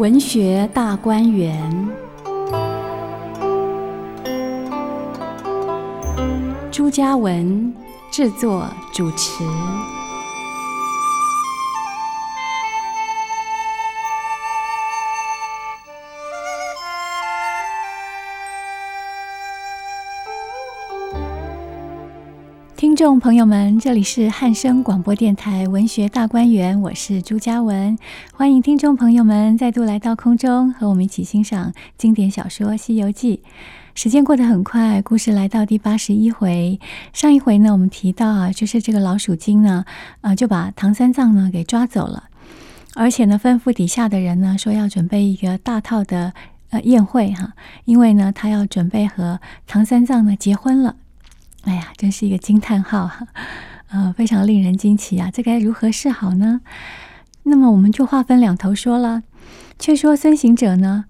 文學大觀園，朱家文製作主持。聽眾朋友們，這裡是漢聲廣播電台文學大觀園，我是朱佳文，歡迎聽眾朋友們再度來到空中和我們一起欣賞經典小說《西遊記》。時間過得很快，故事來到第八十一回。上一回呢，我們提到啊，就是這個老鼠精呢，啊、呃、就把唐三藏呢給抓走了，而且呢，吩咐底下的人呢說要準備一個大套的呃宴會哈、啊，因為呢他要準備和唐三藏呢結婚了。哎呀，真是一個驚嘆號哈！呃，非常令人驚奇啊，這該如何是好呢？那麼我們就話分兩頭說了。卻說孫行者呢，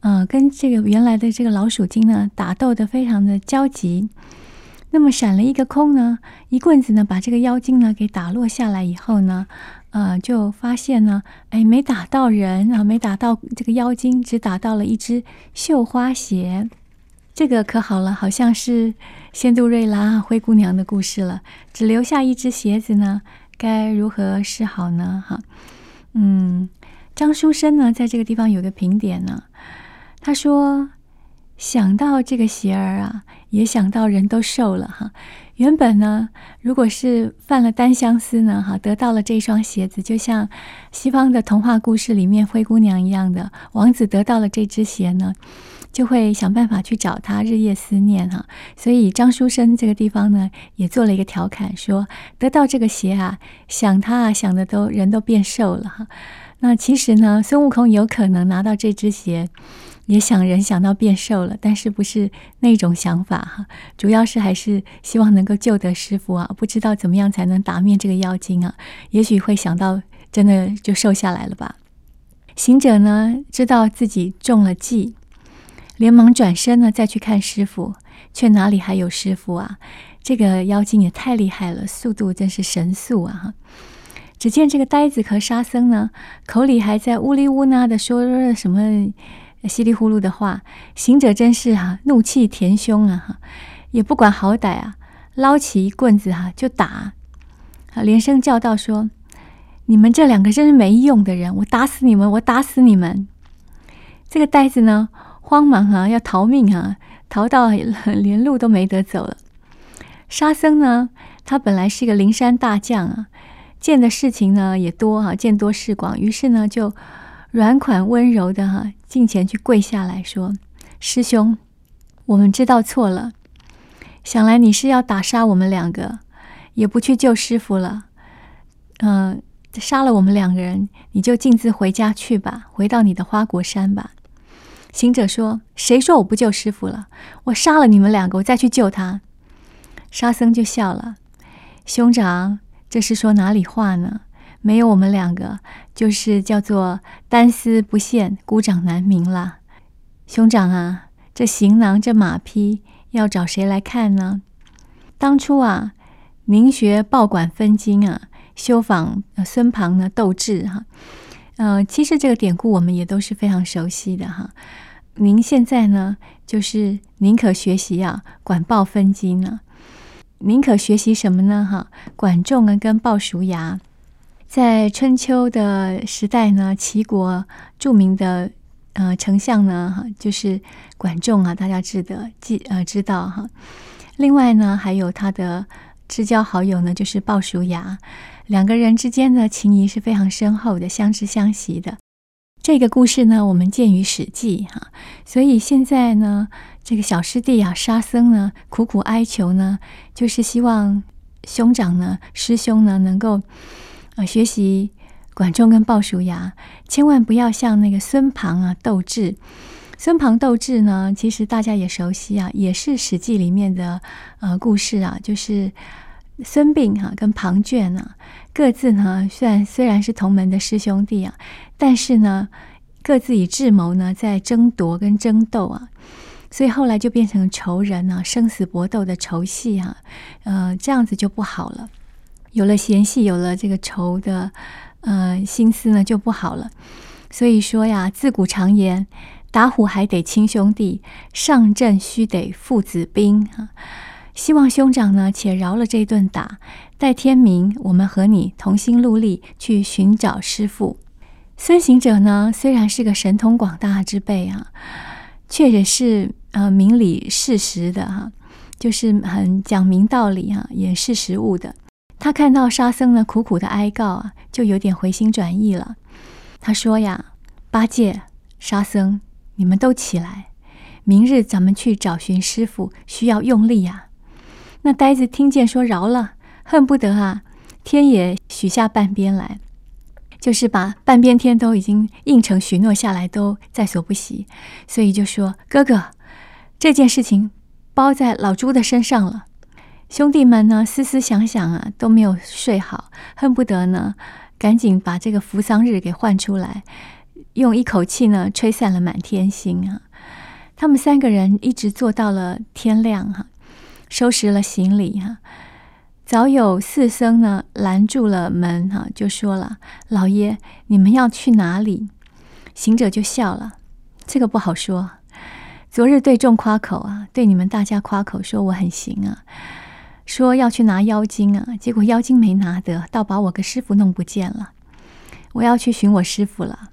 呃，跟這個原來的這個老鼠精呢，打鬥得非常的焦急。那麼閃了一個空呢，一棍子呢，把這個妖精呢給打落下來以後呢，呃，就發現呢，哎，沒打到人啊，沒打到這個妖精，只打到了一隻繡花鞋。這個可好了，好像是仙杜瑞拉灰姑娘的故事了。只留下一隻鞋子呢，該如何是好呢？哈，嗯，張書紳呢，在這個地方有個評點呢。他說：“想到這個鞋兒啊，也想到人都瘦了哈。原本呢，如果是犯了單相思呢，哈，得到了這雙鞋子，就像西方的童話故事裡面灰姑娘一樣的，王子得到了這隻鞋呢。”就會想辦法去找他，日夜思念哈、啊。所以張書生這個地方呢，也做了一個調侃，說得到這個鞋啊，想他啊，想得都人都變瘦了哈。那其實呢，孫悟空有可能拿到這隻鞋，也想人想到變瘦了，但是不是那種想法哈。主要是還是希望能夠救得師父啊，不知道怎麼樣才能打滅這個妖精啊。也許會想到真的就瘦下來了吧。行者呢，知道自己中了計。連忙轉身呢，再去看師傅，卻哪裡還有師傅啊？這個妖精也太厲害了，速度真是神速啊！只見這個呆子和沙僧呢，口裡還在嗚哩嗚啦的說什麼稀里呼嚕的話。行者真是哈、啊，怒氣填胸啊！哈，也不管好歹啊，撈起一棍子哈、啊、就打，連聲叫道說：“你們這兩個真是沒用的人，我打死你們！我打死你們！”這個呆子呢，慌忙啊，要逃命啊！逃到連路都沒得走了。沙僧呢，他本來是一個靈山大將啊，見的事情呢也多哈、啊，見多識廣。於是呢，就軟款溫柔的哈、啊，進前去跪下來說：“師兄，我們知道錯了。想來你是要打殺我們兩個，也不去救師父了。嗯、呃，殺了我們兩個人，你就徑自回家去吧，回到你的花果山吧。”行者說：“誰說我不救師傅了？我殺了你們兩個，我再去救他。”沙僧就笑了：“兄長，這是說哪裡話呢？沒有我們兩個，就是叫做單絲不線，孤掌難鳴啦。兄長啊，這行囊、這馬匹要找誰來看呢？當初啊，寧學報管分金啊，休仿、呃、孫龐的鬥智哈、啊。”呃，其實這個典故我們也都是非常熟悉的哈。您現在呢，就是寧可學習啊，管鮑分金呢，寧可學習什麼呢？哈，管仲呢跟鮑叔牙，在春秋的時代呢，齊國著名的呃丞相呢，哈，就是管仲啊，大家知得記得記呃知道哈。另外呢，還有他的至交好友呢，就是鮑叔牙。兩個人之間的情誼是非常深厚的，相知相惜的。這個故事呢，我們見於《史記》哈、啊。所以現在呢，這個小師弟啊，沙僧呢，苦苦哀求呢，就是希望兄長呢、師兄呢，能夠呃學習管仲跟鮑叔牙，千萬不要像那個孫龐啊鬥智。孫龐鬥智呢，其實大家也熟悉啊，也是《史記》裡面的呃故事啊，就是。孫臏哈、啊、跟龐涓呢，各自呢，雖然雖然是同門的師兄弟啊，但是呢各自以智謀呢在爭奪跟爭鬥啊，所以後來就變成仇人啊，生死搏鬥的仇隙哈、啊，呃這樣子就不好了。有了嫌隙，有了這個仇的呃心思呢，就不好了。所以說呀，自古常言，打虎還得親兄弟，上陣須得父子兵哈、啊。希望兄長呢，且饒了這一頓打。待天明，我們和你同心戮力，去尋找師父。孫行者呢，雖然是個神通廣大之輩啊，卻也是呃明理事實的哈、啊，就是很講明道理啊，也是實物的。他看到沙僧呢苦苦的哀告啊，就有點回心轉意了。他說呀：“八戒、沙僧，你們都起來，明日咱們去找尋師父，需要用力呀、啊。”那呆子聽見說饒了，恨不得啊，天也許下半邊來，就是把半邊天都已經應承許諾下來，都在所不惜，所以就說：“哥哥，這件事情包在老豬的身上了。”兄弟們呢，思思想想啊，都沒有睡好，恨不得呢，趕緊把這個扶桑日給換出來，用一口氣呢，吹散了滿天星啊。他們三個人一直坐到了天亮哈、啊。收拾了行李哈、啊，早有寺僧呢攔住了門哈、啊，就說了：“老爺，你們要去哪裡？”行者就笑了：“這個不好說。昨日對眾誇口啊，對你們大家誇口說我很行啊，說要去拿妖精啊，結果妖精沒拿得，倒把我個師傅弄不見了。我要去尋我師傅了。”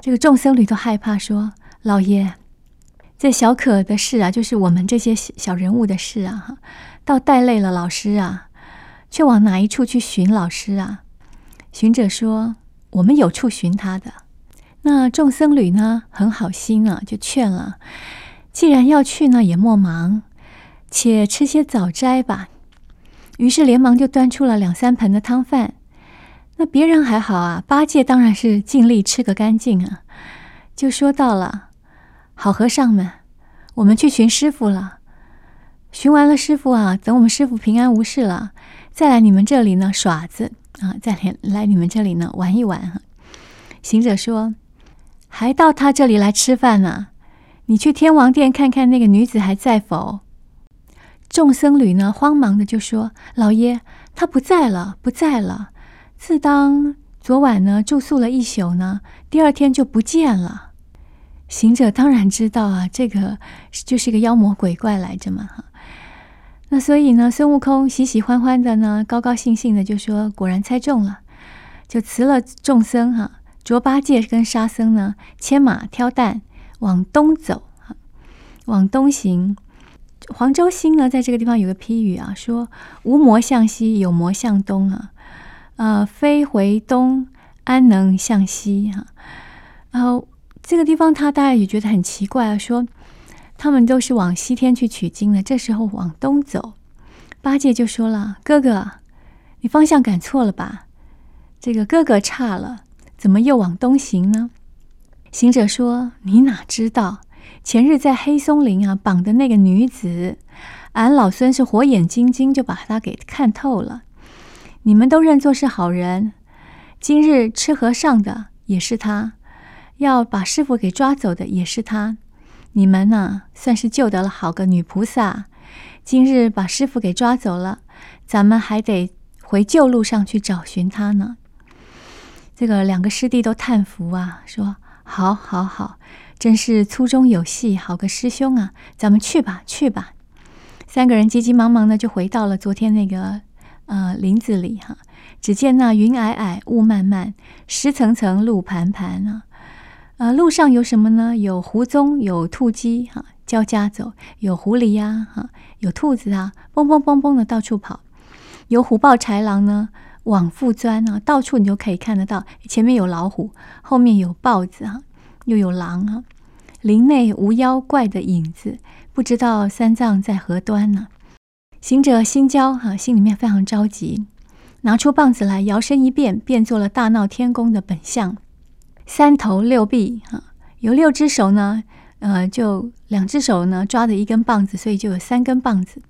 這個眾僧侶都害怕說：“老爺。”這小可的事啊，就是我們這些小人物的事啊，哈，倒帶累了老師啊，卻往哪一處去尋老師啊？行者說：“我們有處尋他的。”那眾僧侶呢，很好心啊，就勸了：“既然要去呢，也莫忙，且吃些早齋吧。”於是連忙就端出了兩三盆的湯飯。那別人還好啊，八戒當然是盡力吃個乾淨啊，就說到了。好和尚們，我們去尋師傅了。尋完了師傅啊，等我們師傅平安無事了，再來你們這裡呢耍子啊，再來來你們這裡呢玩一玩。行者說：“還到他這裡來吃飯呢？你去天王殿看看那個女子還在否？”眾僧侶呢慌忙的就說：“老爺，她不在了，不在了。自當昨晚呢住宿了一宿呢，第二天就不見了。”行者當然知道啊，這個就是個妖魔鬼怪來着嘛哈。那所以呢，孫悟空喜喜歡歡的呢，高高興興的就說：“果然猜中了。”就辭了眾僧哈，啊，豬八戒跟沙僧呢，牽馬挑擔往東走哈，往東行。黃周星呢，在這個地方有個批語啊，說：“無魔向西，有魔向東啊。”呃，飛回東，安能向西哈，啊？然後。這個地方，他大概也覺得很奇怪啊，說他們都是往西天去取經的，這時候往東走，八戒就說了：“哥哥，你方向感錯了吧？這個哥哥差了，怎麼又往東行呢？”行者說：“你哪知道？前日在黑松林啊綁的那個女子，俺老孫是火眼金睛，就把她給看透了。你們都認作是好人，今日吃和尚的也是他。”要把師傅給抓走的也是他，你們吶、啊，算是救得了好個女菩薩。今日把師傅給抓走了，咱們還得回舊路上去找尋他呢。這個兩個師弟都嘆服啊，說：“好好好，真是粗中有細，好個師兄啊！”咱們去吧，去吧。三個人急急忙忙的就回到了昨天那個呃林子裡哈、啊。只見那雲靄靄，霧漫漫，石層層，路盤盤啊。呃、啊，路上有什麼呢？有狐蹤，有兔跡，哈、啊，交加走；有狐狸呀、啊，哈、啊，有兔子啊，蹦蹦蹦蹦的到處跑；有虎豹豺狼呢，往復鑽啊，到處你都可以看得到。前面有老虎，後面有豹子啊，又有狼啊。林內無妖怪的影子，不知道三藏在何端呢、啊？行者心焦哈，心裡面非常着急，拿出棒子來，搖身一變，變作了大鬧天宮的本相。三頭六臂啊，有六隻手呢，呃，就兩只手呢抓着一根棒子，所以就有三根棒子，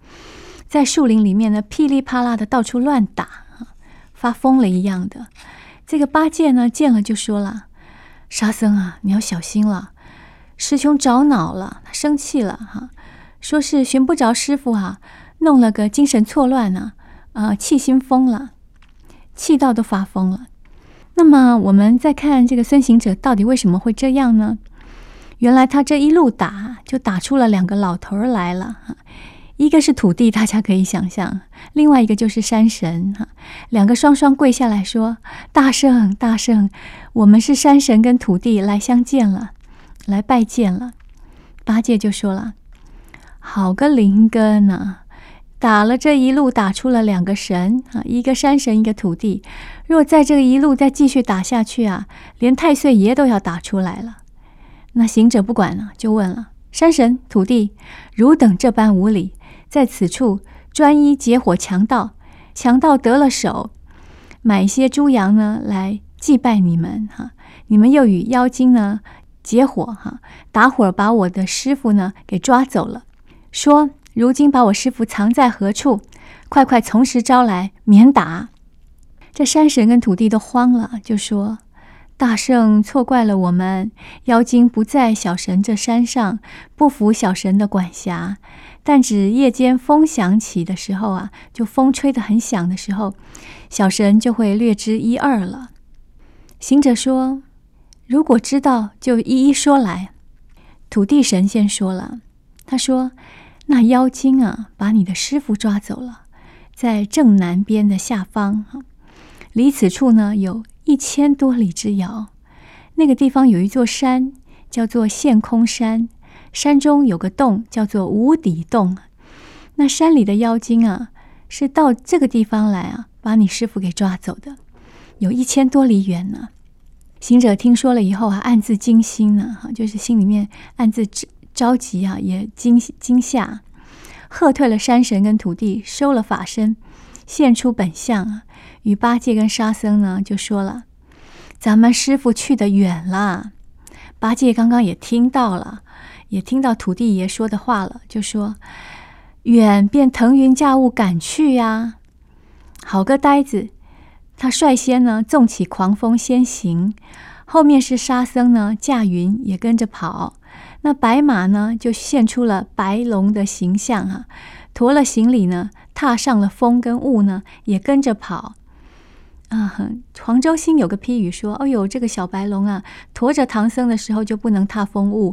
在樹林裡面呢噼裡啪啦的到處亂打啊，發瘋了一樣的。這個八戒呢見了就說了：“沙僧啊，你要小心了，師兄着惱了，他生氣了哈，說是尋不着師傅啊，弄了個精神錯亂呢、啊，啊、呃，氣心瘋了，氣到都發瘋了。”那麼我們再看這個孫行者到底為什麼會這樣呢？原來他這一路打就打出了兩個老頭來了，一個是土地，大家可以想象；另外一個就是山神，哈，兩個雙雙跪下來說：“大聖，大聖，我們是山神跟土地來相見了，來拜見了。”八戒就說了：“好個靈根啊！打了這一路，打出了兩個神，一個山神，一個土地。”若在這一路再繼續打下去啊，連太歲爺都要打出來了。那行者不管了，就問了山神、土地：“汝等這般無禮，在此處專一結夥強盜，強盜得了手，買一些豬羊呢來祭拜你們哈。你們又與妖精呢結夥哈，打夥把我的師傅呢給抓走了。說如今把我師傅藏在何處？快快從實招來，免打。”這山神跟土地都慌了，就說：“大聖錯怪了我們，妖精不在小神這山上，不服小神的管轄。但只夜間風響起的時候啊，就風吹得很響的時候，小神就會略知一二了。”行者說：“如果知道，就一一說來。”土地神仙說了：“他說那妖精啊，把你的師傅抓走了，在正南邊的下方。”離此處呢有一千多里之遙，那個地方有一座山叫做陷空山，山中有個洞叫做無底洞。那山裡的妖精啊，是到這個地方來啊，把你師傅給抓走的。有一千多里遠呢，啊，行者聽說了以後啊，暗自驚心呢，哈，就是心裡面暗自着着急啊，也驚驚嚇，喝退了山神跟土地，收了法身，現出本相啊。與八戒跟沙僧呢，就說了：“咱們師傅去得遠了。”八戒剛剛也聽到了，也聽到土地爺說的話了，就說：“遠便騰雲駕霧趕去呀！”好個呆子，他率先呢縱起狂風先行，後面是沙僧呢駕雲也跟着跑。那白馬呢就現出了白龍的形象啊，馱了行李呢，踏上了風跟霧呢也跟着跑。啊，黃周星有個批語說：“哦呦，這個小白龍啊，馱着唐僧的時候就不能踏風霧。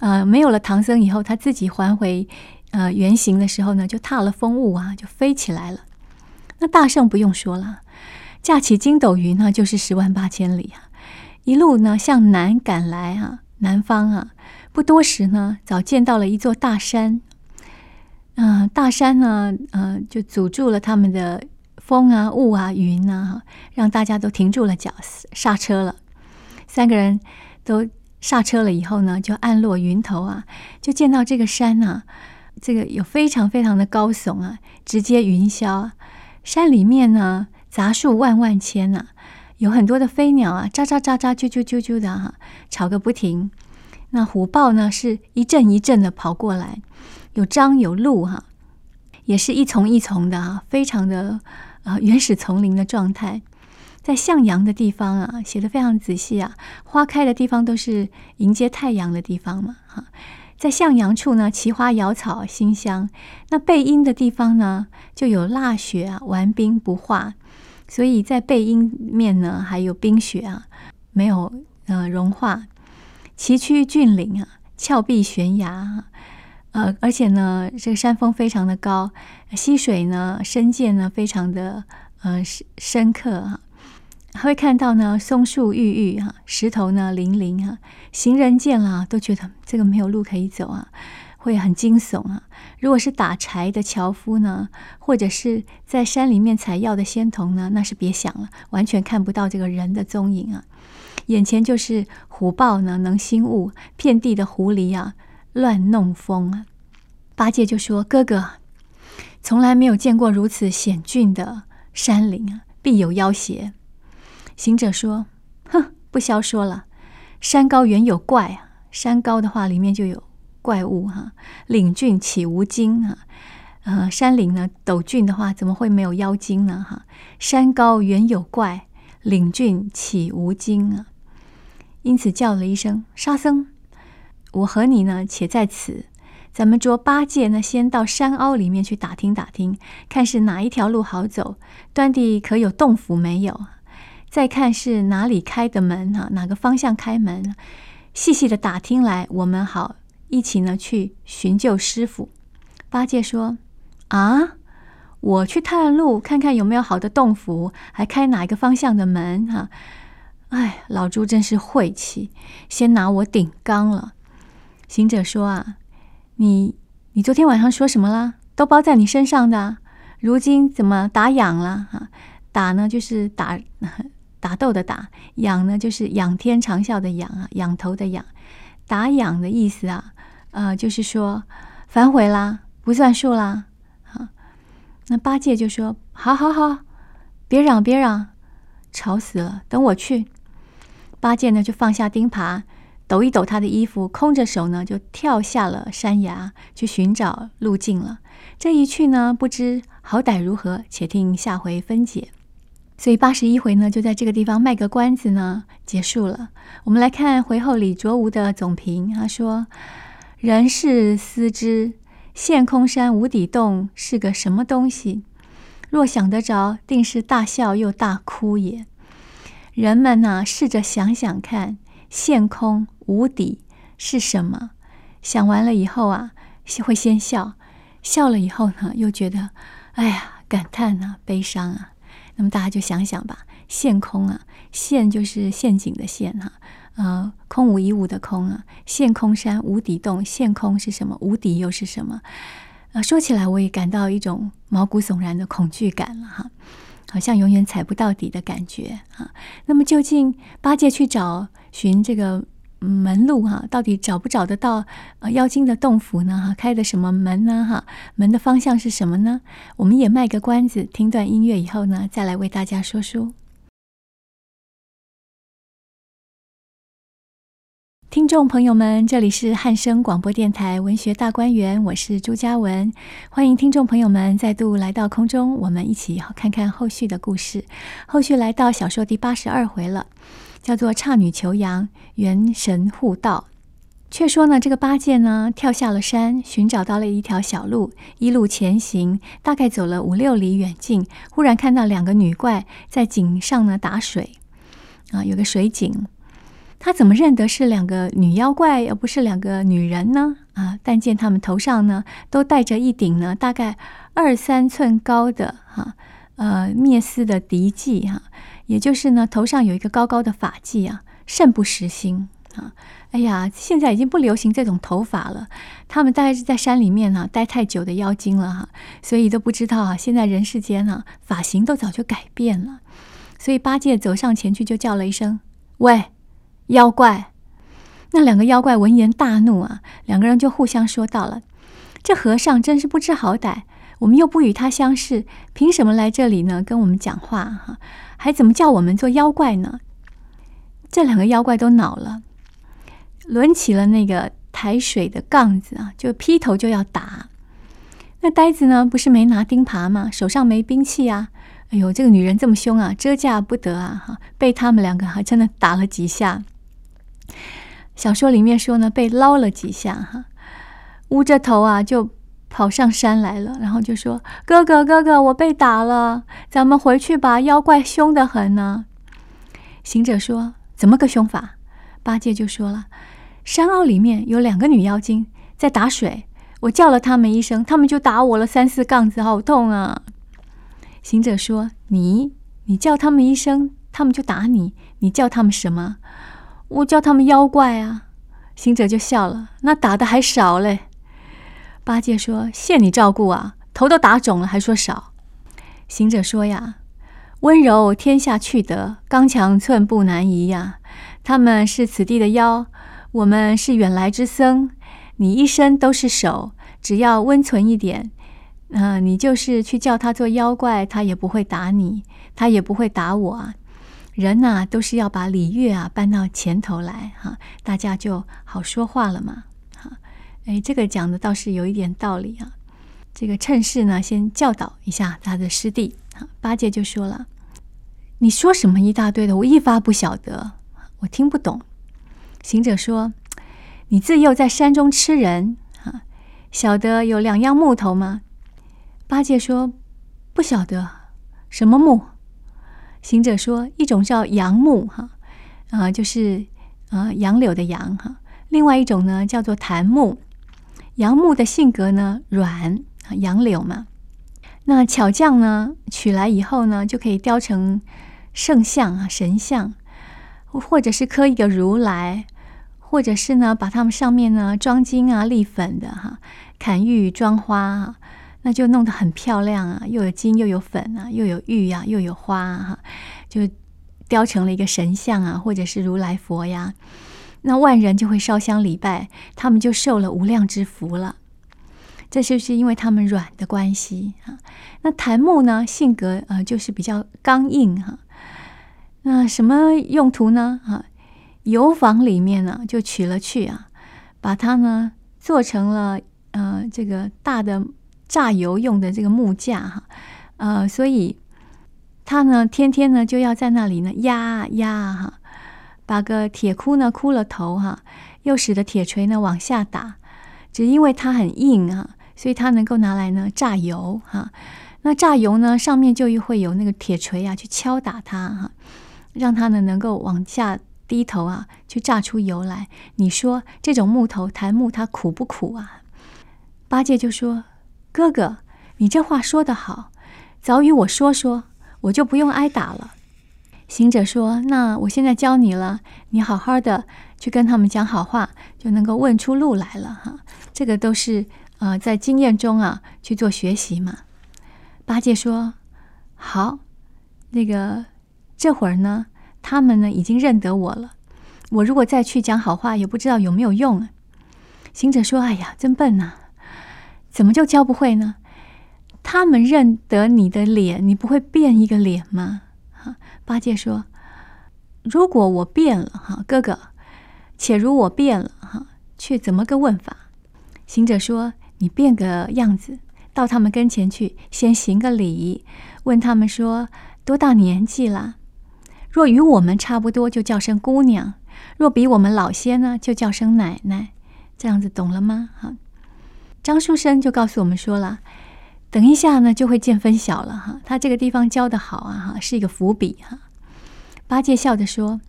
啊、呃，沒有了唐僧以後，他自己還回，呃，原形的時候呢，就踏了風霧啊，就飛起來了。那大聖不用說了，駕起筋斗雲呢，就是十萬八千里啊，一路呢向南趕來啊，南方啊，不多時呢，早見到了一座大山，嗯、呃，大山呢，嗯、呃，就阻住了他們的。”風啊，霧啊，雲啊，讓大家都停住了腳，剎車了。三個人都剎車了以後呢，就按落雲頭啊，就見到這個山啊，這個有非常非常的高聳啊，直接雲霄。山裡面呢，雜樹萬萬千啊，有很多的飛鳥啊，喳喳喳喳，啾啾啾啾的哈、啊，吵個不停。那虎豹呢，是一陣一陣的跑過來，有獐有鹿哈、啊，也是一叢一叢的啊，非常的。啊，原始叢林的狀態，在向陽的地方啊，寫得非常仔細啊。花開的地方都是迎接太陽的地方嘛。哈、啊，在向陽處呢，奇花瑤草，馨香；那背陰的地方呢，就有臘雪啊，頑冰不化。所以在背陰面呢，還有冰雪啊，沒有呃融化。崎嶇峻，峻嶺啊，峭壁懸崖。呃，而且呢，這個山峰非常的高，溪水呢，深澗呢非常的呃深深刻啊，還會看到呢松樹鬱鬱啊，石頭呢嶙嶙啊，行人見了、啊、都覺得這個沒有路可以走啊，會很驚悚啊。如果是打柴的樵夫呢，或者是在山裡面採藥的仙童呢，那是別想了，完全看不到這個人的蹤影啊，眼前就是虎豹呢能興霧，遍地的狐狸啊，亂弄風啊！八戒就說：“哥哥，從來沒有見過如此險峻的山林啊，必有妖邪。”行者說：“哼，不消說了，山高原有怪啊。山高的話，裡面就有怪物哈。嶺峻豈無精啊？呃，山嶺呢，陡峻的話，怎麼會沒有妖精呢？哈，山高原有怪，嶺峻豈無精啊？因此叫了一聲沙僧。”我和你呢，且在此，咱們捉八戒呢，先到山坳裡面去打聽打聽，看是哪一條路好走，端地可有洞府沒有，再看是哪裡開的門哈、啊，哪個方向開門，細細的打聽來，我們好一起呢去尋救師傅。八戒說：“啊，我去探路，看看有沒有好的洞府，還開哪一個方向的門啊？哎，老豬真是晦氣，先拿我頂缸了。”行者說：“啊，你你昨天晚上說什麼了？都包在你身上的，如今怎麼打仰了？哈，打呢就是打打鬥的打，仰呢就是仰天長嘯的仰啊，仰頭的仰。打仰的意思啊，呃，就是說反悔啦，不算數啦。啊。那八戒就說：好好好，別嚷別嚷，吵死了。等我去。八戒呢就放下釘耙。”抖一抖他的衣服，空着手呢，就跳下了山崖，去尋找路徑了。這一去呢，不知好歹如何，且聽下回分解。所以八十一回呢，就在這個地方賣個關子呢，結束了。我們來看回後李卓吾的總評，他說：“人試思之，陷空山無底洞是個什麼東西？若想得着，定是大笑又大哭也。人們呢，試着想想看，陷空。”無底是什麼？想完了以後啊，會先笑，笑了以後呢，又覺得哎呀，感嘆啊，悲傷啊。那麼大家就想想吧，陷空啊，陷就是陷阱的陷哈、啊，啊、呃，空無一物的空啊，陷空山、無底洞、陷空是什麼？無底又是什麼？啊、呃，說起來我也感到一種毛骨悚然的恐懼感了哈，好像永遠踩不到底的感覺啊。那麼究竟八戒去找尋這個門路哈、啊，到底找不找得到？呃，妖精的洞府呢？哈，開的什麼門呢？哈、啊，門的方向是什麼呢？我們也賣個關子，聽段音樂以後呢，再來為大家說書。聽眾朋友們，這裡是漢聲廣播電台文學大觀園，我是朱嘉文，歡迎聽眾朋友們再度來到空中，我們一起看看後續的故事。後續來到小說第八十二回了。叫做姹女求陽，元神護道。卻說呢，這個八戒呢，跳下了山，尋找到了一條小路，一路前行，大概走了五六里遠近，忽然看到兩個女怪在井上呢打水，啊，有個水井。他怎麼認得是兩個女妖怪，而不是兩個女人呢？啊，但見他們頭上呢，都戴着一頂呢，大概二三寸高的哈、啊，呃，篾絲的狄髻哈。啊也就是呢，頭上有一個高高的髮髻啊，甚不時興啊！哎呀，現在已經不流行這種頭髮了。他們大概是在山裡面呢、啊，待太久的妖精了哈、啊，所以都不知道啊。現在人世間呢、啊，髮型都早就改變了。所以八戒走上前去就叫了一聲：“喂，妖怪！”那兩個妖怪聞言大怒啊，兩個人就互相說道了：“這和尚真是不知好歹。”我們又不與他相識，憑什麼來這裡呢？跟我們講話哈，還怎麼叫我們做妖怪呢？這兩個妖怪都惱了，掄起了那個抬水的槓子啊，就劈頭就要打。那呆子呢，不是沒拿釘耙嗎？手上沒兵器啊。哎呦，這個女人這麼凶啊，遮架不得啊！哈，被他們兩個還真的打了幾下。小說裡面說呢，被撈了幾下哈，捂着頭啊就。跑上山來了，然後就說：“哥哥，哥哥，我被打了，咱們回去吧。妖怪凶得很呢、啊。”行者說：“怎麼個凶法？”八戒就說了：“山坳裡面有兩個女妖精在打水，我叫了她們一聲，她們就打我了三四槓子，好痛啊！”行者說：“你，你叫她們一聲，她們就打你，你叫她們什麼？我叫她們妖怪啊！”行者就笑了：“那打的還少嘞。”八戒說：“謝你照顧啊，頭都打腫了，還說少。”行者說：“呀，溫柔天下去得，剛強寸步難移呀、啊。他們是此地的妖，我們是遠來之僧。你一身都是手，只要溫存一點，嗯、呃，你就是去叫他做妖怪，他也不會打你，他也不會打我啊。人吶、啊，都是要把禮樂啊搬到前頭來，哈、啊，大家就好說話了嘛。”哎，這個講的倒是有一點道理啊。這個趁勢呢，先教導一下他的師弟啊。八戒就說了：“你說什麼一大堆的，我一發不曉得，我聽不懂。”行者說：“你自幼在山中吃人啊，曉得有兩樣木頭嗎？”八戒說：“不曉得什麼木。”行者說：“一種叫楊木哈，啊、呃，就是啊楊、呃、柳的楊哈；另外一種呢，叫做檀木。”楊木的性格呢軟啊，楊柳嘛。那巧匠呢取來以後呢，就可以雕成聖像啊、神像，或者是刻一個如來，或者是呢把它們上面呢裝金啊、立粉的哈，砍玉裝花哈，那就弄得很漂亮啊，又有金又有粉啊，又有玉呀、啊，又有花哈、啊，就雕成了一個神像啊，或者是如來佛呀。那萬人就會燒香禮拜，他們就受了無量之福了。這就是因為他們軟的關係啊。那檀木呢，性格呃就是比較剛硬哈、啊。那什麼用途呢？啊，油坊裡面呢、啊、就取了去啊，把它呢做成了呃這個大的榨油用的這個木架哈、啊。呃，所以他呢天天呢就要在那裡呢壓壓哈。啊把個鐵箍呢箍了頭哈、啊，又使得鐵錘呢往下打，只因為它很硬啊，所以它能夠拿來呢榨油哈、啊。那榨油呢上面就又會有那個鐵錘啊去敲打它哈、啊，讓它呢能夠往下低頭啊，去榨出油來。你說這種木頭檀木它苦不苦啊？八戒就說：“哥哥，你這話說得好，早與我說說，我就不用挨打了。”行者說：“那我現在教你了，你好好的去跟他們講好話，就能夠問出路來了哈。這個都是呃在經驗中啊去做學習嘛。”八戒說：“好，那個這會兒呢，他們呢已經認得我了，我如果再去講好話，也不知道有沒有用啊。”行者說：“哎呀，真笨吶啊，怎麼就教不會呢？他們認得你的臉，你不會變一個臉嗎？”八戒說：“如果我變了哈，哥哥，且如我變了哈，卻怎麼個問法？”行者說：“你變個樣子，到他們跟前去，先行個禮，問他們說多大年紀了？若與我們差不多，就叫聲姑娘；若比我們老些呢，就叫聲奶奶。這樣子懂了嗎？”哈，張書生就告訴我們說了。等一下呢，就會見分曉了哈。他這個地方教的好啊，哈，是一個伏筆哈。八戒笑着說：“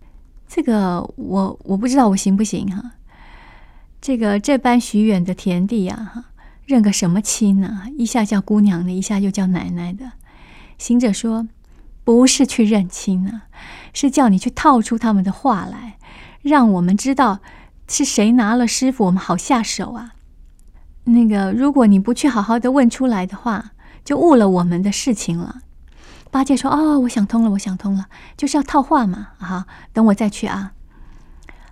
這個我我不知道我行不行哈？這個這般許遠的田地呀哈，認個什麼親呢？一下叫姑娘的，一下又叫奶奶的。”行者說：“不是去認親啊，是叫你去套出他們的話來，讓我們知道是誰拿了師傅，我們好下手啊。”那個，如果你不去好好的問出來的話，就誤了我們的事情了。八戒說：“哦，我想通了，我想通了，就是要套話嘛，哈，等我再去啊。”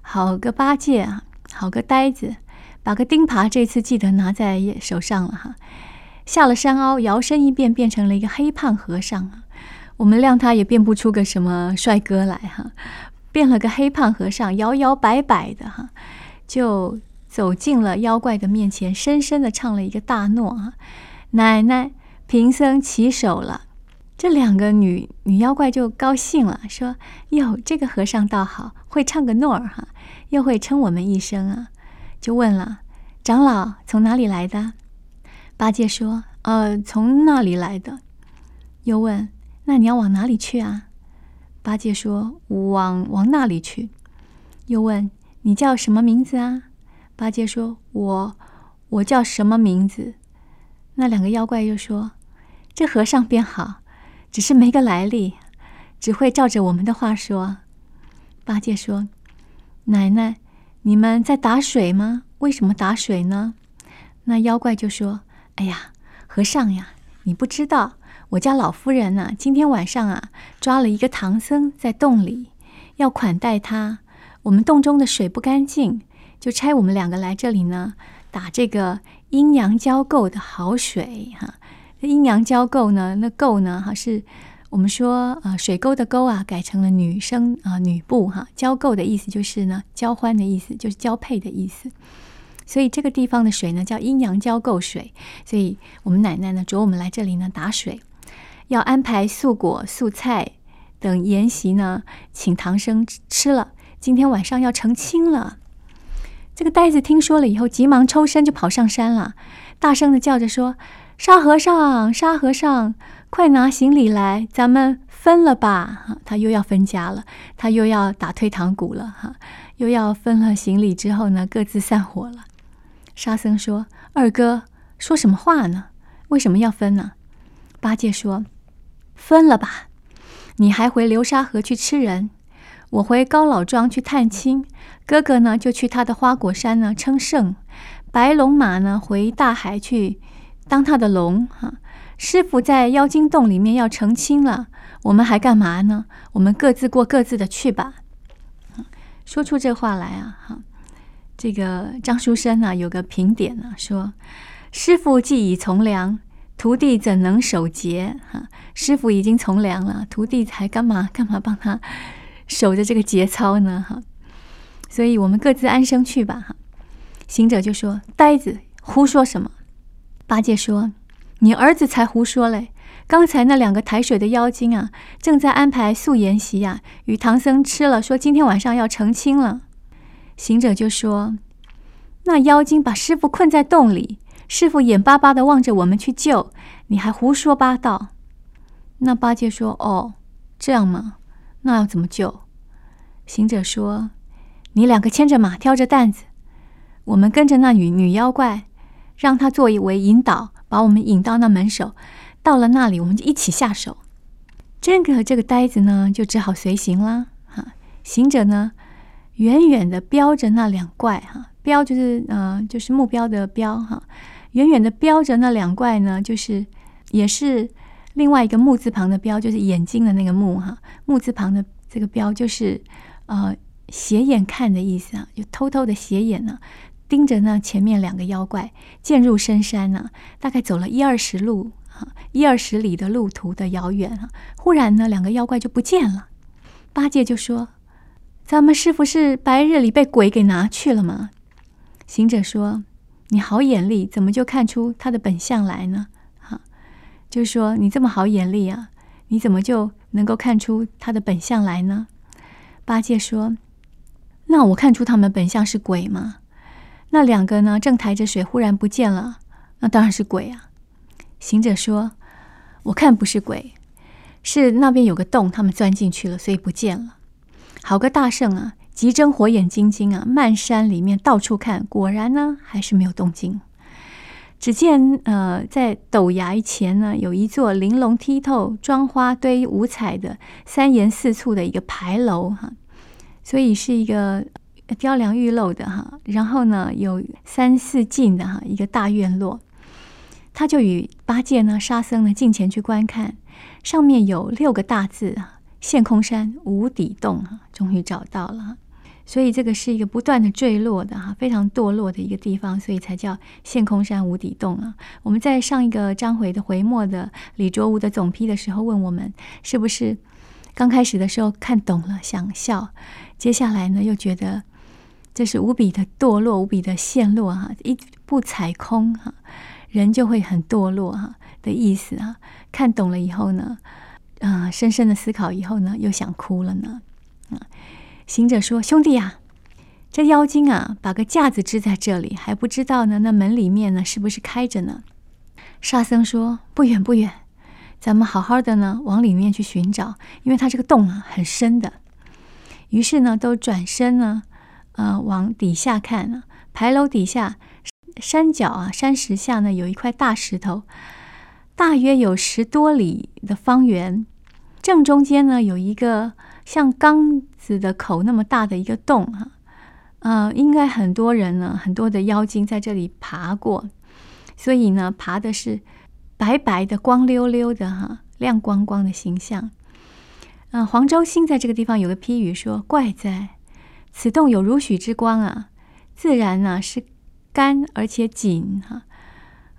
好個八戒啊，好個呆子，把個釘耙這次記得拿在手上了哈。下了山凹，搖身一變，變成了一個黑胖和尚啊。我們諒他也變不出個什麼帥哥來哈，變了個黑胖和尚，搖搖擺擺擺的哈，就。走進了妖怪的面前，深深的唱了一個大諾啊！奶奶，貧僧起手了。這兩個女女妖怪就高興了，說：“喲，這個和尚倒好，會唱個諾兒哈、啊，又會稱我們一聲啊。”就問了長老：“從哪裡來的？”八戒說：“呃，從那裡來的。”又問：“那你要往哪裡去啊？”八戒說：“往往那裡去。”又問：“你叫什麼名字啊？”八戒說：“我，我叫什麼名字？”那兩個妖怪又說：“這和尚便好，只是沒個來歷，只會照着我們的話說。”八戒說：“奶奶，你們在打水嗎？為什麼打水呢？”那妖怪就說：“哎呀，和尚呀，你不知道，我家老夫人吶，啊，今天晚上啊，抓了一個唐僧在洞裡，要款待他。我們洞中的水不乾淨。”就差我們兩個來這裡呢，打這個陰陽交媾的好水哈、啊。陰陽交媾呢，那媾呢，哈、啊、是我們說啊，水溝的溝啊，改成了女生啊，女部哈、啊。交媾的意思就是呢，交歡的意思，就是交配的意思。所以這個地方的水呢，叫陰陽交媾水。所以我們奶奶呢，着我們來這裡呢打水，要安排素果、素菜等筵席呢，請唐僧吃了。今天晚上要成親了。這個呆子聽說了以後，急忙抽身就跑上山了，大聲的叫着說：“沙和尚，沙和尚，快拿行李來，咱們分了吧！哈，他又要分家了，他又要打退堂鼓了，哈，又要分了行李之後呢，各自散夥了。”沙僧說：“二哥，說什麼話呢？為什麼要分呢？”八戒說：“分了吧，你還回流沙河去吃人。”我回高老莊去探親，哥哥呢就去他的花果山呢稱聖，白龍馬呢回大海去當他的龍哈、啊。師傅在妖精洞裡面要成親了，我們還幹嘛呢？我們各自過各自的去吧。啊、說出這話來啊哈、啊，這個張書生啊有個評點啊說：師傅既已從良，徒弟怎能守節哈、啊？師傅已經從良了，徒弟還幹嘛幹嘛幫他？守着這個節操呢，哈，所以我們各自安生去吧，哈。行者就說：“呆子，胡說什麼？”八戒說：“你兒子才胡說嘞！剛才那兩個抬水的妖精啊，正在安排素筵席呀，與唐僧吃了，說今天晚上要成親了。”行者就說：“那妖精把師傅困在洞裡，師傅眼巴巴的望着我們去救，你還胡說八道？”那八戒說：“哦，這樣嗎？”那要怎麼救？行者說：“你兩個牽着馬，挑着擔子，我們跟着那女女妖怪，讓她做一位引導，把我們引到那門首。到了那裡，我們就一起下手。”這個真格這個呆子呢，就只好隨行啦。哈，行者呢，遠遠的標着那兩怪，哈，標就是呃，就是目標的標，哈，遠遠的標着那兩怪呢，就是也是。另外一個目字旁的標就是眼睛的那個目哈、啊，目字旁的這個標就是呃斜眼看的意思啊，就偷偷的斜眼呢、啊、盯着那前面兩個妖怪。漸入深山呢、啊，大概走了一二十路啊，一二十里的路途的遙遠啊，忽然呢兩個妖怪就不見了。八戒就說：“咱們師傅是白日裡被鬼給拿去了嗎？”行者說：“你好眼力，怎麼就看出他的本相來呢？”就說你這麼好眼力啊，你怎麼就能夠看出他的本相來呢？八戒說：“那我看出他們本相是鬼嗎？那兩個呢正抬着水，忽然不見了，那當然是鬼啊。”行者說：“我看不是鬼，是那邊有個洞，他們鑽進去了，所以不見了。”好個大聖啊，急睜火眼金睛啊，漫山裡面到處看，果然呢還是沒有動靜。只見呃，在陡崖前呢，有一座玲瓏剔透、妝花堆五彩的三檐四柱的一個牌樓哈，所以是一個雕梁玉露的哈。然後呢，有三四進的哈一個大院落。他就與八戒呢、沙僧呢近前去觀看，上面有六個大字啊：“陷空山無底洞”啊，終於找到了。所以這個是一個不斷的墜落的哈，啊，非常墮落的一個地方，所以才叫陷空山無底洞啊。我們在上一個章回的回末的李卓吾的總批的時候問我們，是不是剛開始的時候看懂了想笑，接下來呢又覺得這是無比的墮落，無比的陷落哈，啊，一不踩空哈，啊，人就會很墮落哈，啊，的意思啊。看懂了以後呢，啊、呃，深深的思考以後呢，又想哭了呢，啊。行者說：“兄弟呀、啊，這妖精啊，把個架子支在這裡，還不知道呢。那門裡面呢，是不是開着呢？”沙僧說：“不遠不遠，咱們好好的呢，往裡面去尋找。因為他這個洞啊，很深的。於是呢，都轉身呢，呃，往底下看啊。牌樓底下，山，山腳啊，山石下呢，有一塊大石頭，大約有十多里的方圓。正中間呢，有一個。”像缸子的口那麼大的一個洞哈、啊，呃，應該很多人呢，很多的妖精在這裡爬過，所以呢，爬的是白白的、光溜溜的哈、啊，亮光光的形象。嗯、呃，黃周星在這個地方有個批語說：“怪哉，此洞有如許之光啊！自然呢、啊、是乾而且緊哈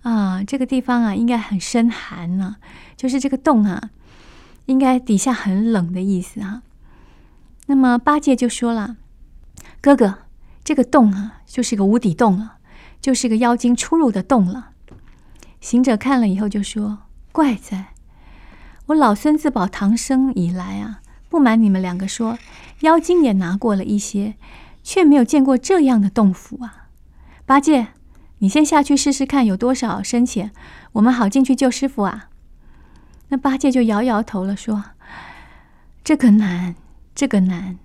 啊，啊，這個地方啊應該很深寒吶、啊，就是這個洞啊，應該底下很冷的意思哈、啊。”那麼八戒就說了：“哥哥，這個洞啊，就是個無底洞了、啊，就是個妖精出入的洞了。”行者看了以後就說：“怪哉！我老孫自保唐僧以來啊，不瞞你們兩個說，妖精也拿過了一些，卻沒有見過這樣的洞府啊。”八戒，你先下去試試看有多少深淺，我們好進去救師傅啊。那八戒就搖搖頭了，說：“這可、個、難。”這個難，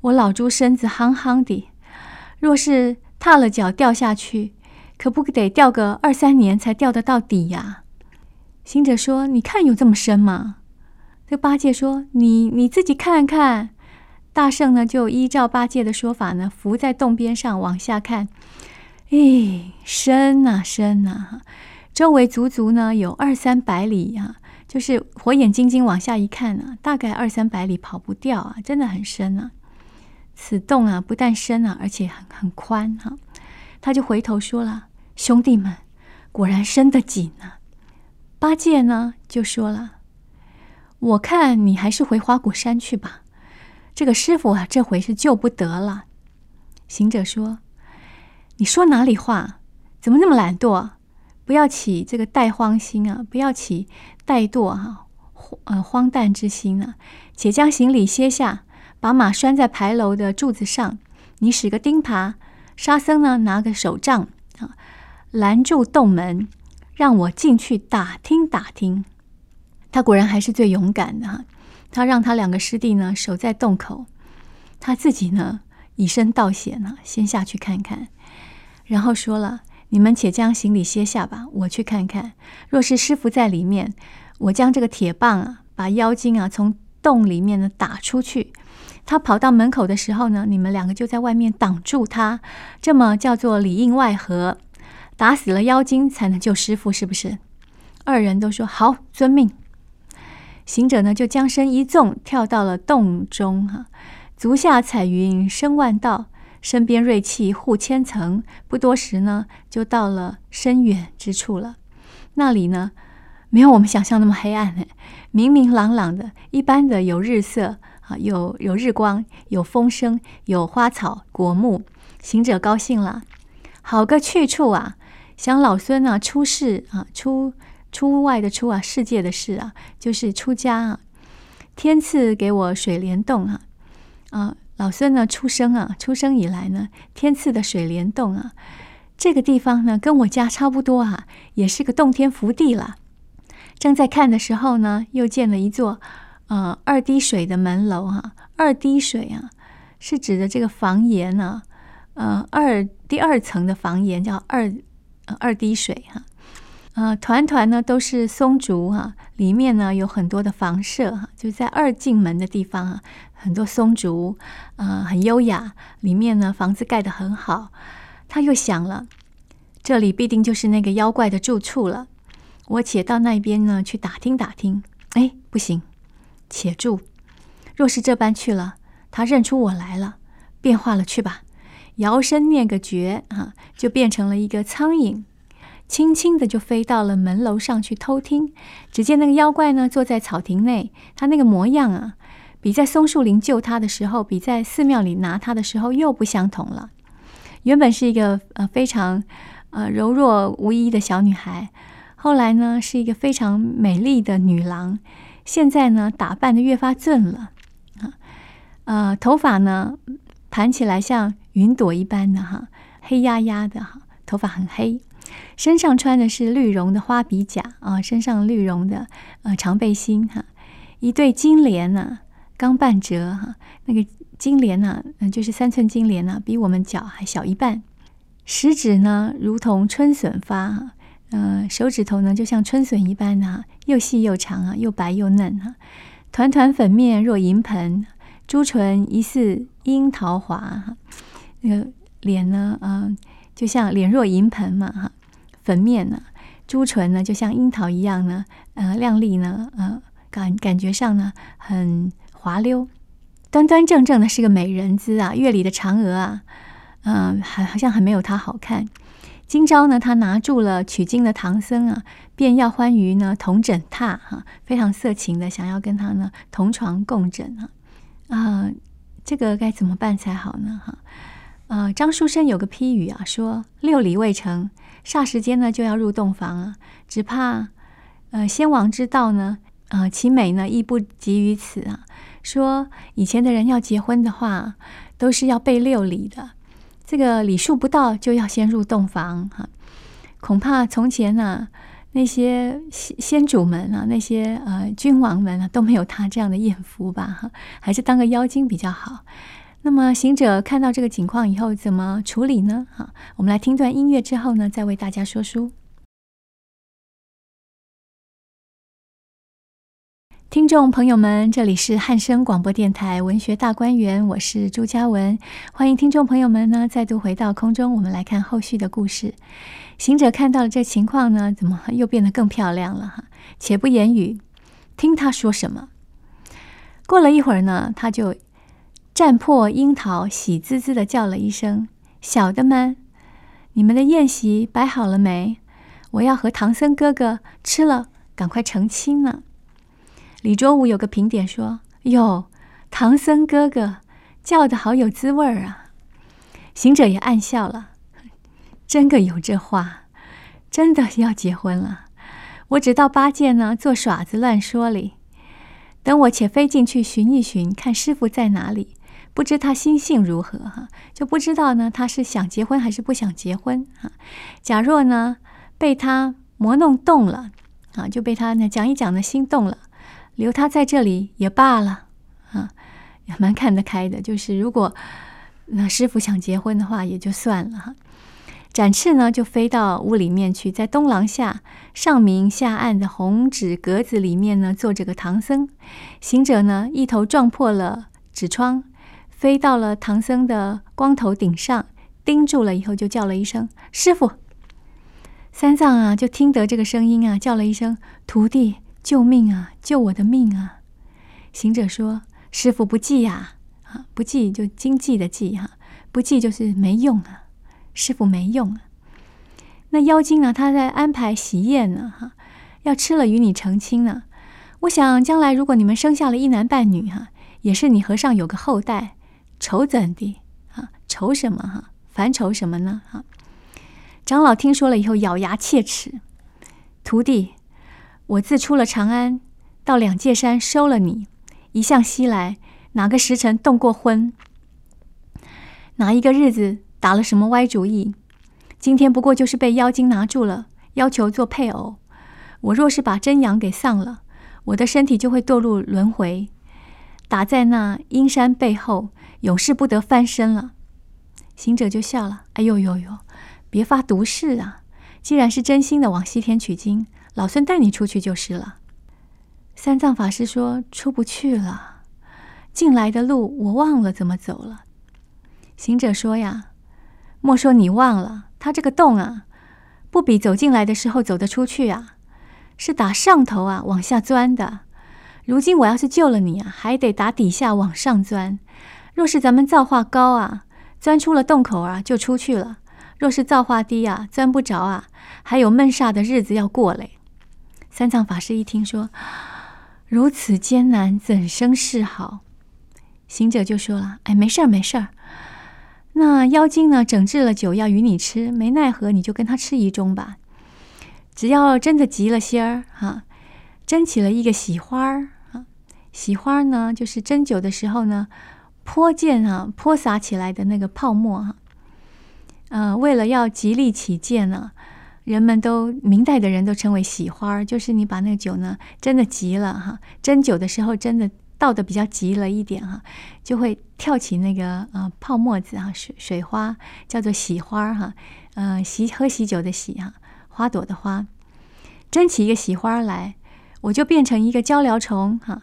我老豬身子夯夯的，若是踏了腳掉下去，可不得掉個二三年才掉得到底呀？行者說：“你看有這麼深嗎？”這八戒說：“你你自己看看。”大聖呢就依照八戒的說法呢，扶在洞邊上往下看，哎，深啊深啊，周圍足足呢有二三百里呀。就是火眼金睛往下一看呢，大概二三百里跑不掉啊，真的很深啊。此洞啊，不但深啊，而且很很寬哈。他就回頭說了：“兄弟們，果然深得緊啊。”八戒呢就說了：“我看你還是回花果山去吧，這個師傅啊，這回是救不得了。”行者說：“你說哪裡話？怎麼那麼懶惰？”不要起這個怠荒心啊！不要起怠惰哈，呃，荒誕之心啊！且將行李卸下，把馬拴在牌樓的柱子上。你使個釘耙，沙僧呢拿個手杖啊，攔住洞門，讓我進去打聽打聽。他果然還是最勇敢的哈！他讓他兩個師弟呢守在洞口，他自己呢以身蹈險呢，先下去看看，然後說了。你們且將行李卸下吧，我去看看。若是師傅在裡面，我將這個鐵棒啊，把妖精啊從洞裡面呢打出去。他跑到門口的時候呢，你們兩個就在外面擋住他，這麼叫做裡應外合。打死了妖精才能救師傅，是不是？二人都說好，遵命。行者呢就將身一縱，跳到了洞中。哈，足下彩雲生萬道。身邊瑞氣護千層，不多時呢，就到了深遠之處了。那裡呢，沒有我們想象那麼黑暗、哎，明明朗朗的，一般的有日色啊，有有日光，有風聲，有花草果木。行者高興了，好個去處啊！想老孫啊出世，出世啊，出出外的出啊，世界的事啊，就是出家啊。天賜給我水簾洞啊，啊。老孫呢，出生啊，出生以來呢，天賜的水簾洞啊，這個地方呢，跟我家差不多啊，也是個洞天福地啦。正在看的時候呢，又建了一座，呃，二滴水的門樓哈、啊。二滴水啊，是指的這個房檐呢、啊，呃，二，第二層的房檐叫二二滴水哈、啊。啊，團團呢都是松竹啊，裡面呢有很多的房舍，就是在二進門的地方啊，很多松竹啊，呃，很優雅。裡面呢房子蓋得很好。他又想了，這裡必定就是那個妖怪的住處了。我且到那邊呢去打聽打聽。哎，不行，且住。若是這般去了，他認出我來了，變化了去吧。搖身念個訣啊，就變成了一個蒼蠅。輕輕的就飛到了門樓上去偷聽，只見那個妖怪呢坐在草亭內，她那個模樣啊，比在松樹林救她的時候，比在寺廟裡拿她的時候又不相同了。原本是一個呃非常呃柔弱無依的小女孩，後來呢是一個非常美麗的女郎，現在呢打扮得越發俊了啊，呃頭髮呢盤起來像雲朵一般的哈，黑壓壓的哈，頭髮很黑。身上穿的是綠絨的花比甲啊，身上綠絨的呃長背心哈、啊，一對金蓮呢、啊，剛半折哈、啊，那個金蓮呢，嗯、啊、就是三寸金蓮吶、啊，比我們腳還小一半，十指呢如同春筍發哈，嗯、啊呃、手指頭呢就像春筍一般啊，又細又長啊，又白又嫩啊，團團粉面若銀盆，朱唇疑似櫻桃花哈、啊，那個臉呢，嗯、啊、就像臉若銀盆嘛哈。啊粉面呢，朱唇呢，就像櫻桃一樣呢，呃，亮麗呢，呃，感感覺上呢，很滑溜，端端正正的是個美人姿啊，月裡的嫦娥啊，嗯、呃，好像還沒有她好看。今朝呢，他拿住了取經的唐僧啊，便要歡愉呢，同枕榻哈，非常色情的想要跟他呢同床共枕啊，啊、呃，這個該怎麼辦才好呢？哈，呃，張書生有個批語啊，說六禮未成。霎時間呢，就要入洞房啊！只怕，呃，先王之道呢，呃，其美呢，亦不及於此啊。說以前的人要結婚的話，都是要備六禮的，這個禮數不到就要先入洞房哈。恐怕從前呢，那些先先主們啊，那些呃君王們啊，都沒有他這樣的豔福吧？哈，還是當個妖精比較好。那麼行者看到這個情況以後怎麼處理呢？哈，我們來聽段音樂之後呢，再為大家說書。聽眾朋友們，這裡是漢聲廣播電台文學大觀園，我是朱佳文，歡迎聽眾朋友們呢再度回到空中，我們來看後續的故事。行者看到了這情況呢，怎麼又變得更漂亮了？哈，且不言語，聽他說什麼。過了一會兒呢，他就。戰破櫻桃，喜滋滋的叫了一聲：“小的們，你們的宴席擺好了沒？我要和唐僧哥哥吃了，趕快成親呢、啊。李卓吾有個評點說：“喲，唐僧哥哥叫的好有滋味兒啊！”行者也暗笑了：“真個有這話，真的要結婚了。我只道八戒呢做耍子亂說哩。等我且飛進去尋一尋，看師傅在哪裡。”不知他心性如何哈，就不知道呢，他是想結婚還是不想結婚哈。假若呢，被他磨弄動了啊，就被他呢講一講呢心動了，留他在這裡也罷了啊，也蠻看得開的。就是如果那師父想結婚的話，也就算了哈。展翅呢，就飛到屋裡面去，在東廊下上明下暗的紅紙格子裡面呢，坐着個唐僧，行者呢，一頭撞破了紙窗。飛到了唐僧的光頭頂上，盯住了以後，就叫了一聲“師傅”。三藏啊，就聽得這個聲音啊，叫了一聲“徒弟，救命啊，救我的命啊！”行者說：“師傅不濟呀，啊，不濟就經濟的濟哈、啊，不濟就是沒用啊，師傅沒用啊。”那妖精呢、啊，他在安排喜宴呢，哈，要吃了與你成親呢、啊。我想將來如果你們生下了一男半女、啊，哈，也是你和尚有個後代。愁怎的？啊，愁什麼？哈，煩愁什麼呢？哈，長老聽說了以後，咬牙切齒：“徒弟，我自出了長安，到兩界山收了你，一向西來，哪個時辰動過葷？哪一個日子打了什麼歪主意？今天不過就是被妖精拿住了，要求做配偶。我若是把真陽給喪了，我的身體就會墮入輪迴，打在那陰山背後。”永世不得翻身了，行者就笑了：“哎呦呦呦，別發毒誓啊！既然是真心的往西天取經，老孫帶你出去就是了。”三藏法師說：“出不去了，進來的路我忘了怎麼走了。”行者說：“呀，莫說你忘了，他這個洞啊，不比走進來的時候走得出去啊，是打上頭啊往下鑽的。如今我要是救了你啊，還得打底下往上鑽。”若是咱們造化高啊，鑽出了洞口啊，就出去了；若是造化低啊，鑽不着啊，還有悶煞的日子要過嘞。三藏法師一聽說如此艱難，怎生是好？行者就說了：“哎，沒事兒，沒事兒。那妖精呢，整治了酒要與你吃，沒奈何，你就跟他吃一盅吧。只要真的急了心兒哈，爭、啊、起了一個喜花兒啊，喜花兒呢，就是斟酒的時候呢。”潑濺啊，潑灑起來的那個泡沫哈，呃、啊，為了要吉利起見呢、啊，人們都明代的人都稱為喜花，就是你把那個酒呢，斟得急了哈，斟、啊、酒的時候真的倒的比較急了一點哈、啊，就會跳起那個啊泡沫子啊水水花，叫做喜花哈，呃、啊、喜、啊、喝喜酒的喜啊，花朵的花，斟起一個喜花來，我就變成一個蟭蟟蟲哈、啊，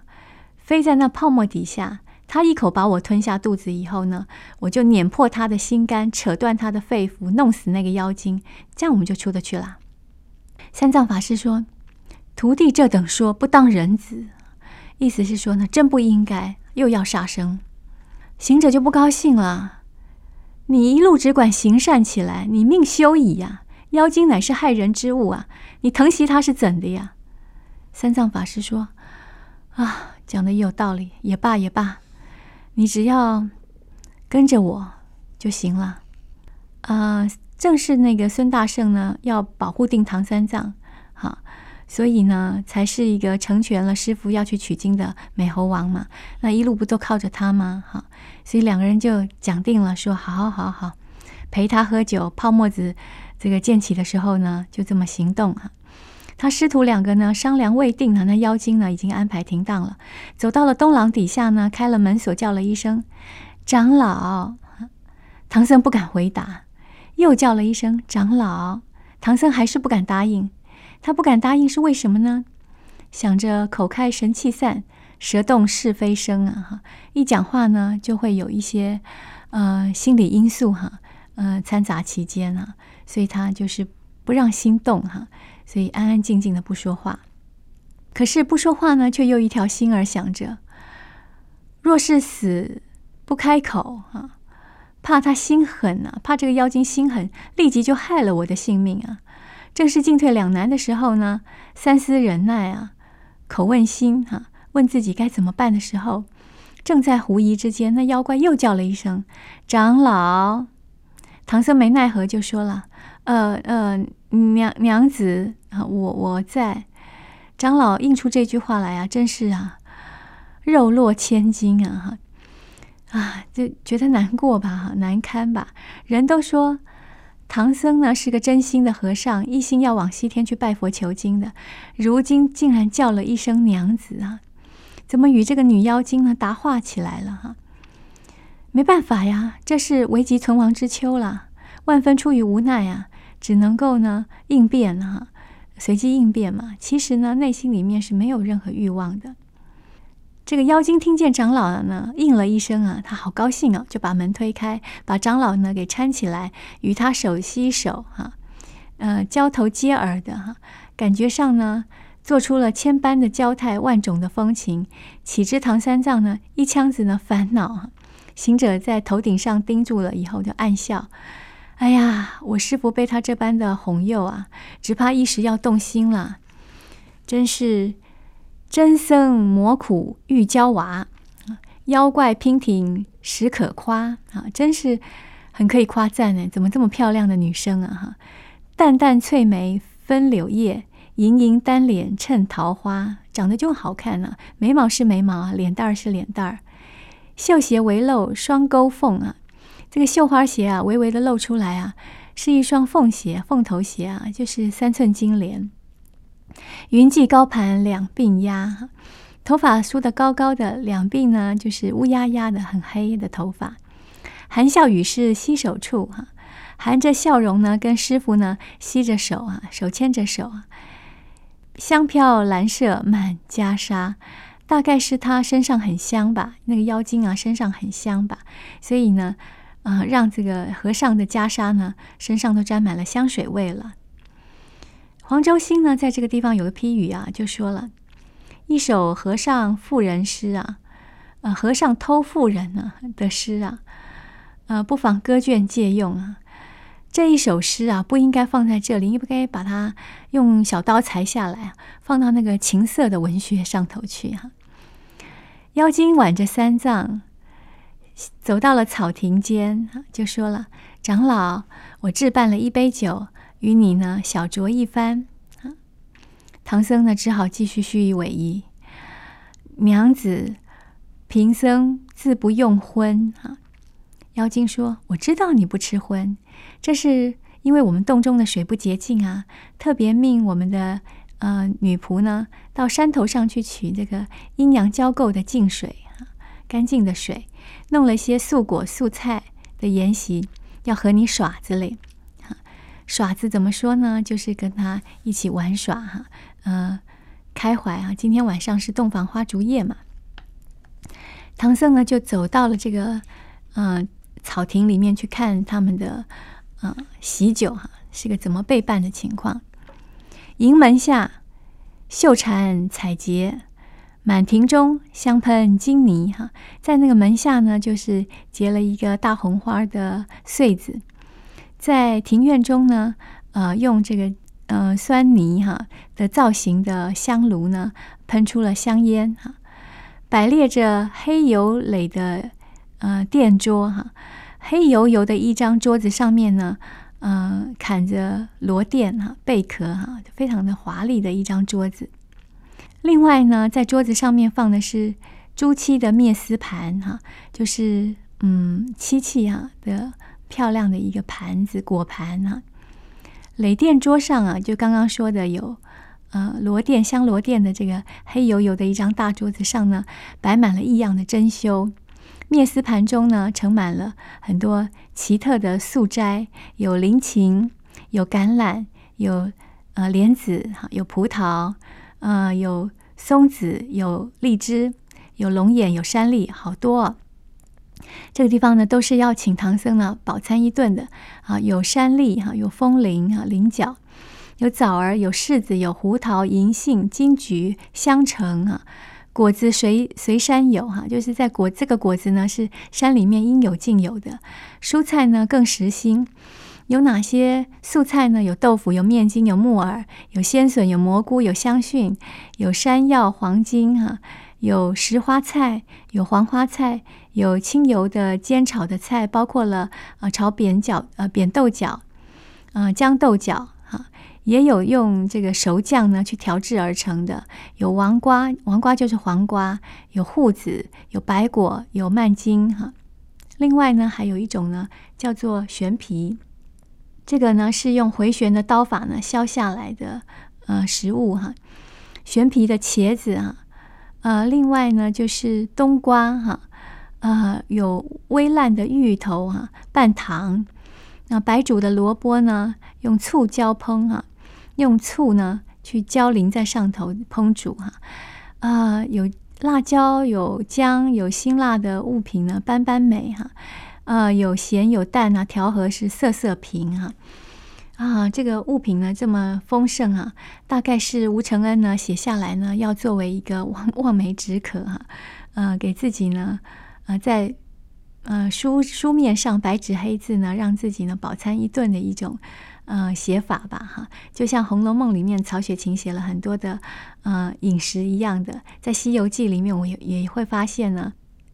飛在那泡沫底下。他一口把我吞下肚子以後呢，我就碾破他的心肝，扯斷他的肺腑，弄死那個妖精，這樣我們就出得去了。三藏法師說：“徒弟這等說不當人子，意思是說呢，真不應該又要殺生。”行者就不高興了：“你一路只管行善起來，你命休矣呀！妖精乃是害人之物啊，你疼惜他是怎的呀？”三藏法師說：“啊，講的也有道理，也罷也罷。”你只要跟着我就行了，啊、呃，正是那個孫大聖呢，要保護定唐三藏，哈，所以呢，才是一個成全了師傅要去取經的美猴王嘛。那一路不都靠着他嗎？哈，所以兩個人就講定了，說，好好好好，陪他喝酒，泡沫子，這個濺起的時候呢，就這麼行動哈、啊。他師徒兩個呢，商量未定呢，那妖精呢已經安排停當了。走到了東廊底下呢，開了門鎖，叫了一聲：“長老。”唐僧不敢回答，又叫了一聲：“長老。”唐僧還是不敢答應。他不敢答應是為什麼呢？想着口開神氣散，舌動是非生啊！哈，一講話呢就會有一些呃心理因素哈、啊，呃摻雜其間啊，所以他就是不讓心動哈、啊。所以安安靜靜的不說話，可是不說話呢，卻又一條心兒想着：若是死不開口啊，怕他心狠啊，怕這個妖精心狠，立即就害了我的性命啊！正是進退兩難的時候呢，三思忍耐啊，口問心啊，問自己該怎麼辦的時候，正在狐疑之間，那妖怪又叫了一聲：“長老！”唐僧沒奈何就說了。呃呃，娘娘子啊，我我在。長老應出這句話來啊，真是啊，肉落千金啊哈，啊就覺得難過吧哈，難堪吧？人都說唐僧呢是個真心的和尚，一心要往西天去拜佛求經的，如今竟然叫了一聲娘子啊，怎麼與這個女妖精呢答話起來了哈？沒辦法呀，這是危急存亡之秋了，萬分出於無奈啊。只能夠呢應變哈、啊，隨機應變嘛。其實呢，內心裡面是沒有任何慾望的。這個妖精聽見長老呢應了一聲啊，他好高興啊，就把門推開，把長老呢給攙起來，與他手攜手哈、啊，呃，交頭接耳的哈、啊，感覺上呢做出了千般的嬌態，萬種的風情。豈知唐三藏呢一腔子呢煩惱啊，行者在頭頂上盯住了以後就暗笑。哎呀，我師傅被他這般的哄誘啊，只怕一時要動心了。真是真僧魔苦遇嬌娃，妖怪娉婷實可誇啊！真是很可以誇讚呢、欸。怎麼這麼漂亮的女生啊？哈，淡淡翠眉分柳葉，盈盈丹臉襯桃花，長得就好看呢、啊。眉毛是眉毛，臉蛋兒是臉蛋兒，繡鞋為露雙勾縫啊。.這個繡花鞋啊，微微的露出來啊，是一雙鳳鞋、鳳頭鞋啊，就是三寸金蓮，雲髻高盤兩鬢鴉。頭髮梳得高高的，兩鬢呢就是烏鴉鴉的很黑的頭髮，含笑語是攜手處哈，含着笑容呢，跟師傅呢吸着手啊，手牽着手啊，香飄蘭麝滿袈裟，大概是他身上很香吧，那個妖精啊身上很香吧，所以呢。啊，讓這個和尚的袈裟呢，身上都沾滿了香水味了。黃周星呢，在這個地方有個批語啊，就說了一首和尚婦人詩啊，啊，和尚偷婦人呢，啊、的詩啊，啊，不妨割卷借用啊，這一首詩啊，不應該放在這裡，不應該把它用小刀裁下來放到那個情色的文學上頭去哈，啊。妖精挽着三藏。走到了草亭間，就說了：“長老，我置辦了一杯酒，與你呢小酌一番。”啊，唐僧呢只好繼續虛與委蛇。娘子，貧僧自不用葷。啊。妖精說：“我知道你不吃葷，這是因為我們洞中的水不潔淨啊，特別命我們的呃女僕呢到山頭上去取這個陰陽交構的淨水，乾淨的水。”弄了些素果素菜的筵席，要和你耍子嘞哈，耍子怎麼說呢？就是跟他一起玩耍哈，嗯、呃，開懷啊！今天晚上是洞房花燭夜嘛，唐僧呢就走到了這個嗯、呃，草亭裡面去看他們的嗯、呃，喜酒哈、啊，是個怎麼備辦的情況？營門下，秀蟬採擷。滿庭中香噴金泥哈，在那個門下呢，就是結了一個大紅花的穗子。在庭院中呢，呃，用這個呃酸泥哈的造型的香爐呢，噴出了香煙哈。擺列着黑油壘的呃鈿桌哈，黑油油的一張桌子上面呢，呃，砍着螺鈿哈、貝殼哈，非常的華麗的一張桌子。另外呢，在桌子上面放的是朱漆的篾絲盤哈，啊，就是嗯漆器啊的漂亮的一個盤子果盤哈，啊，累電桌上啊，就剛剛說的有呃螺鈿香螺鈿的這個黑油油的一張大桌子上呢，擺滿了異樣的珍饈。篾絲盤中呢，盛滿了很多奇特的素齋，有靈芹，有橄欖，有呃蓮子哈，有葡萄。呃，有松子，有荔枝，有龍眼，有山栗，好多、啊。這個地方呢，都是要請唐僧呢飽餐一頓的啊。有山栗哈，有楓林、啊，菱角，有棗兒，有柿子，有胡桃，銀杏、金桔、香橙啊，果子隨隨山有哈、啊，就是在果這個果子呢是山裡面應有盡有的。蔬菜呢更實心。有哪些素菜呢？有豆腐，有麵筋，有木耳，有鮮筍，有蘑菇，有香蕈，有山藥、黃精哈，有石花菜，有黃花菜，有清油的煎炒的菜，包括了啊炒扁角呃，扁豆角，啊豇豆角哈，也有用這個熟醬呢去調製而成的，有黃瓜，黃瓜就是黃瓜，有瓠子，有白果，有蔓菁哈。另外呢，還有一種呢叫做玄皮。這個呢是用回旋的刀法呢削下來的，呃，食物哈，旋、啊、皮的茄子哈、啊，呃，另外呢就是冬瓜哈、啊，呃，有微爛的芋頭哈、啊，拌糖，那白煮的蘿蔔呢用醋澆烹哈、啊，用醋呢去澆淋在上頭烹煮哈，啊、呃，有辣椒，有薑，有辛辣的物品呢，斑斑美哈。啊啊、呃，有鹹有淡啊，調和是色色平啊。啊，這個物品呢這麼豐盛啊，大概是吳承恩呢寫下來呢，要作為一個望望梅止渴哈、啊，呃，給自己呢，呃，在呃書書面上白紙黑字呢，讓自己呢飽餐一頓的一種呃寫法吧哈、啊。就像《紅樓夢》裡面曹雪芹寫了很多的呃飲食一樣的，在《西遊記》裡面，我也也會發現呢。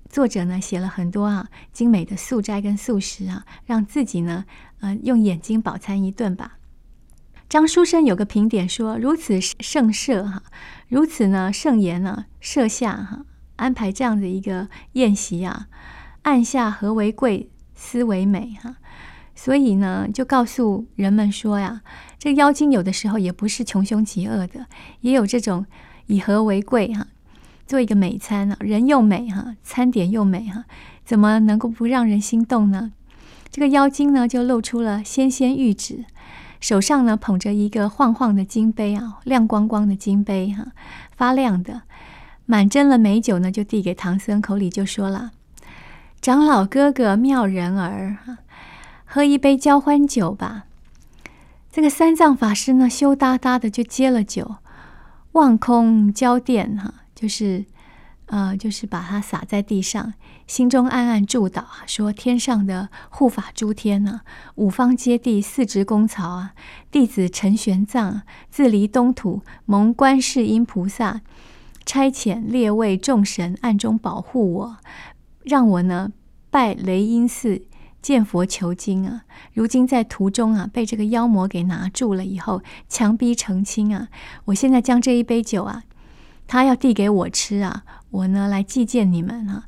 作者呢寫了很多啊精美的素齋跟素食啊，讓自己呢，呃，用眼睛飽餐一頓吧。張書生有個評點說：“如此盛設哈、啊，如此呢盛筵呢、啊，設下哈、啊，安排這樣的一個宴席啊，按下和為貴，斯為美哈、啊，所以呢，就告訴人們說呀、啊，這妖精有的時候也不是窮兇極惡的，也有這種以和為貴哈。啊”做一個美餐啊，人又美哈、啊，餐點又美哈、啊，怎麼能夠不讓人心動呢？這個妖精呢，就露出了纖纖玉指，手上呢捧着一個晃晃的金杯啊，亮光光的金杯哈、啊，發亮的，滿斟了美酒呢，就遞給唐僧，口裡就說了：“長老哥哥，妙人兒，喝一杯交歡酒吧。”這個三藏法師呢，羞答答的就接了酒，望空澆奠哈、啊。就是，呃，就是把它撒在地上，心中暗暗祝禱啊，說天上的護法諸天啊，五方揭諦四值功曹啊，弟子陳玄奘自離東土，蒙觀世音菩薩差遣列位眾神暗中保護我，讓我呢拜雷音寺見佛求經啊。如今在途中啊，被這個妖魔給拿住了以後，強逼成親啊。我現在將這一杯酒啊。他要遞給我吃啊，我呢來祭奠你們啊。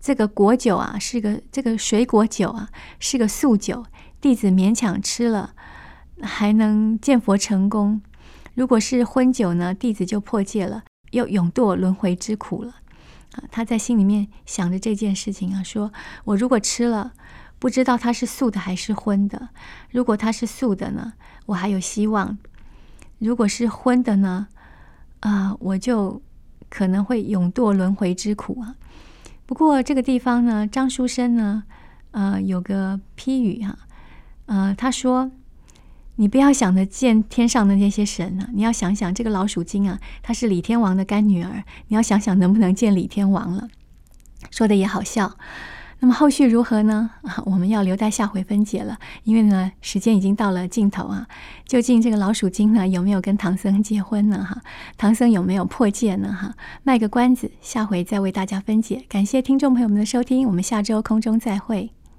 這個果酒啊，是個這個水果酒啊，是個素酒，弟子勉強吃了，還能見佛成功。如果是葷酒呢，弟子就破戒了，又永墮輪回之苦了。啊，他在心裡面想着這件事情啊，說我如果吃了，不知道它是素的還是葷的。如果它是素的呢，我還有希望；如果是葷的呢？啊，uh, 我就可能會永墮輪回之苦啊。不過這個地方呢，張書紳呢，呃，有個批語啊，呃，他說：“你不要想着見天上的那些神啊，你要想想這個老鼠精啊，她是李天王的乾女兒，你要想想能不能見李天王了。”說的也好笑。那麼後續如何呢？啊，我們要留待下回分解了，因為呢，時間已經到了盡頭啊。究竟這個老鼠精呢，有沒有跟唐僧結婚呢？哈、啊，唐僧有沒有破戒呢？哈、啊，賣個關子，下回再為大家分解。感謝聽眾朋友們的收聽，我們下周空中再會。